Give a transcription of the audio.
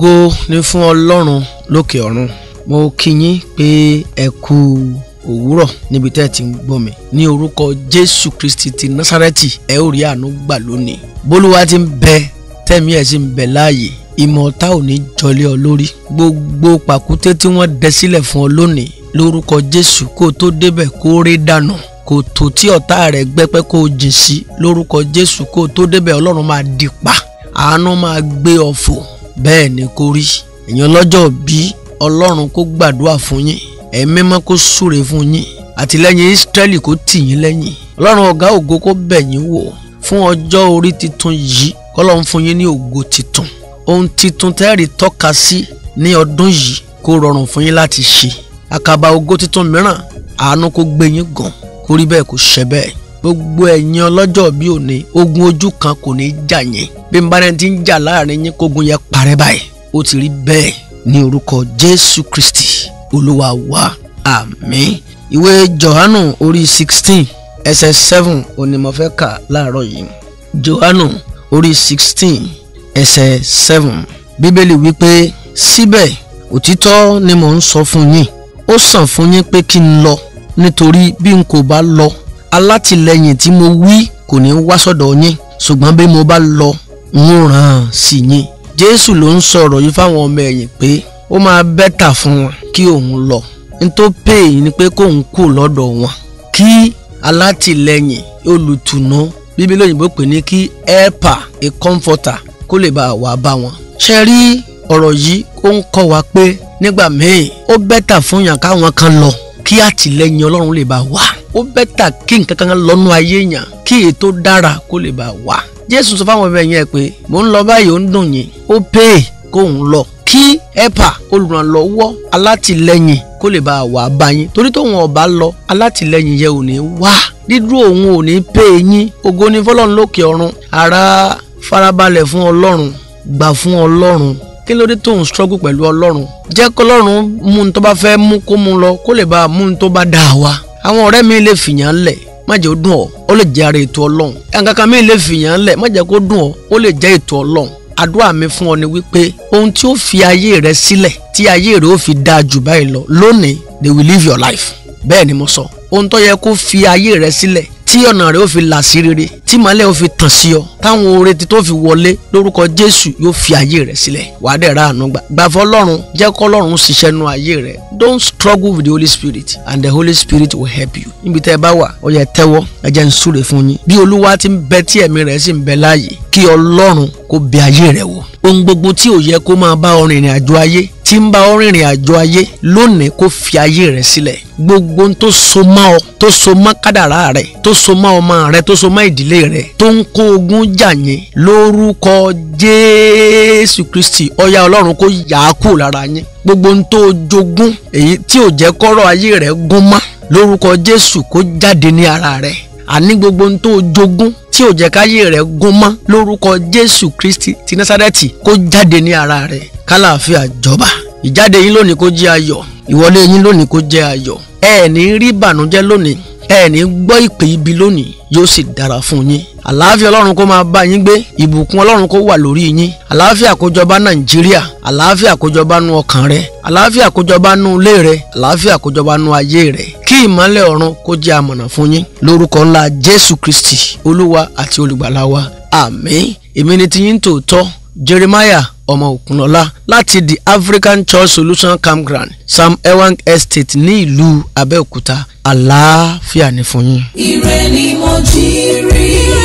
ògo ni fún ọlọ́run lókè ọ̀run mo kí yín pé ẹ kú òwúrọ̀ níbi tẹ́ ẹ ti ń gbọ́ mi ní orúkọ jésù kristi ti násárẹ́tì ẹ ó rí àánú gbà lónìí bólúwa ti ń bẹ tẹ̀mí ẹ̀ sì ń bẹ láàyè ìmọ̀ọ́ta ò ní jọlé ọ lórí gbogbo pàkúté tí wọ́n dẹ sílẹ̀ fún ọ lónìí lórúkọ jésù kó o tó débẹ̀ kó o rí dànù kòtò tí ọ̀tá rẹ̀ gbẹ́pẹ́ kó o jìn sí lórúkọ jésù kó o tó débẹ̀ ọlọ́run máa dì pa àánú máa gbé ọ fò bẹ́ẹ̀ ni kó rí èèyàn lọ́jọ́ bí ọlọ́run kó gbàdúrà fún yín ẹ̀mí mímọ́ kó súre fún yín àtìlẹ́yìn Ísírẹ́lì kó tì yín lẹ́yìn ọlọ́run ọ̀gá ògo kó bẹ̀ yín wò fún ọjọ́ orí titun yìí kọ́lọ́run fún yín ní ògo titun ohun titun tẹ́ẹ̀rì tọ́ka sí ní ọdún yìí kó rọrùn fún yín láti ṣe àkàbà ògo titun mìíràn àánú kó gbé yín gàn kó bẹ́ẹ̀ kó ṣẹ bẹ́ẹ̀ gbogbo ẹ̀yin ọlọ́jọ́ bí òní ogun ojú kan kò ní í jà yín bí n bá rẹ̀ ti ń jà láàrin yín kógun yẹn parẹ́ báyìí ó ti rí bẹ́ẹ̀ ní orúkọ Jésù Kristi olúwa wa àmín ìwé Jòhánù orí sixteen ẹsẹ̀ seven òní mo fẹ́ kà láàárọ̀ yìí Jòhánù orí sixteen ẹsẹ̀ seven bíbélì wípé síbẹ̀ òtítọ́ ni mò ń sọ fún yín ó sàn fún yín pé kí n lọ nítorí bí n kò bá lọ alátìlẹyìn tí mo wí kò ní wá sọ́dọ̀ yín ṣùgbọ́n bí mo bá lọ ń ràn sí yín jésù ló ń sọ̀rọ̀ yìí fáwọn ọmọ ẹ̀yìn pé ó máa bẹ́tà fún wọn kí òun lọ n tó pè é ni pé kóun kù lọ́dọ̀ wọn kí alátìlẹyìn olùtùnú bíbélì òyìnbó pè ní kí helper a comforter kó lè bá wàá bá wọn. ṣe rí ọ̀rọ̀ yìí ó ń kọ́ wa pé nígbà míì ó bẹ́tà fún yàn káwọn kan lọ kí àtìlẹyìn ọlọ́run lè bá wà ó bẹ́tà kí nǹkan kan lọ́nu ayé yàn kí ètò dára kó lè bá wà. jésù sọ fáwọn ẹbẹ yẹn pé mò ń lọ báyìí ó ń dùn yín ó pè é kó ń lọ kí ẹ̀pà olùrànlọ́wọ́ alátìlẹ́yìn kó lè bá wà bá yín torí tóun ọba lọ alátìlẹ́yìn yẹn ò ní wá dídúró òun ò ní pè é yín ògo ni fọlọ́run lókè ọ̀run ara farabalẹ̀ fún ọlọ́run gbà fún ọlọ́run kí ló dé tó ń struggle pẹ̀lú ọlọ́run jẹ́ kọ́lọ́run mú un tó bá fẹ́ mú kó mú un lọ kó lè bá mú un tó bá dà wá àwọn ọ̀rẹ́ mi lè fìyàn lẹ̀ má jẹ́ ó dùn ọ́ ó lè jẹ́ ara ètò ọlọ́run ẹ̀ǹkankan mi lè fìyàn lẹ̀ má jẹ́ kó dùn ọ́ ó lè jẹ́ ètò ọlọ́run àdúrà mi fún ọ ni wípé ohun tí ó fi ayé rẹ sílẹ̀ tí ayé rẹ ó fi dáa jù báyìí lọ lónìí they will live your life bẹ́ẹ̀ ni mo sọ ohun tó yẹ kó fi ayé rẹ sílẹ̀ tí ọ̀nà rẹ̀ ó fi là sí rere tí màálẹ̀ ó fi tàn sí ọ táwọn oore tí tó fi wọlé lórúkọ Jésù yóò fi ayé rẹ̀ sílẹ̀ wàá dẹ̀ ra àánú gbà gbàfọ́ lọ́run jẹ́ kọ́ lọ́run ṣiṣẹ́ nu ayé rẹ̀ don't struggle with the Holy Spirit and the Holy Spirit will help you níbi tẹ́ ẹ bá wà ó yẹ tẹ́wọ́ ẹ jẹ́ ń súre fún yín bí Olúwa ti ń bẹ tí ẹ̀mí rẹ̀ sì ń bẹ láàyè kí Ọlọ́run kó bẹ ayé rẹ̀ wò ohun gbogbo tí ò yẹ kó máa bá ọrìn ìrìn àjò ayé tí ń bá ọ rìnrìn àjò ayé lónìí kó fi ayé rẹ sílẹ̀ gbogbo tó so mọ́ ọ tó so mọ́ kádàrá rẹ tó so mọ́ ọmọ rẹ tó so mọ́ ìdílé rẹ tó ń kó ogun jà yín lórúkọ Jésù Kristi ọ̀yá Ọlọ́run kó yà á kú lára yín gbogbo tó jogún èyí tí ò jẹ́ kọ́rọ̀ ayé rẹ gún mọ́ lórúkọ Jésù kó jáde ní ara rẹ àní gbogbo tó jogún tí ò jẹ́ káyé rẹ̀ gún mọ́ lórúkọ Jésù Kristi ti Násárẹ́tì kó jáde ní ara rẹ̀ kálàáfíà jọba ìjáde yín lónìí kó jẹ́ ayọ̀ ìwọlé yín lónìí kó jẹ́ ayọ̀ ẹ ní rí ìbànújẹ́ lónìí ẹ ní gbọ́ ìpè ibi lónìí yóò sì dára fún yín àlàáfíà ọlọ́run kó máa bá yín gbé ìbùkún ọlọ́run kó wà lórí yín àlàáfíà kó jọba nàìjíríà àlàáfíà kó jọba nú ọkàn rẹ àlàáfíà kó jọba nú ilé rẹ àlàáfíà kó jọba ayé rẹ kí ìmọ́lẹ̀ ọ̀run kó jẹ́ amọ̀nà fún yín lórúkọ ńlá jésù kristi olúwa àti olùgbàlà wa àmín èmi ni tiyín tòótọ́ jeremiah ọmọ òkunlọ́lá láti the African Church Solution Campground Sam Ewang Estate ní ìlú Abẹ́òkúta àlàáfíà ní fún yín. ire mo jí rí.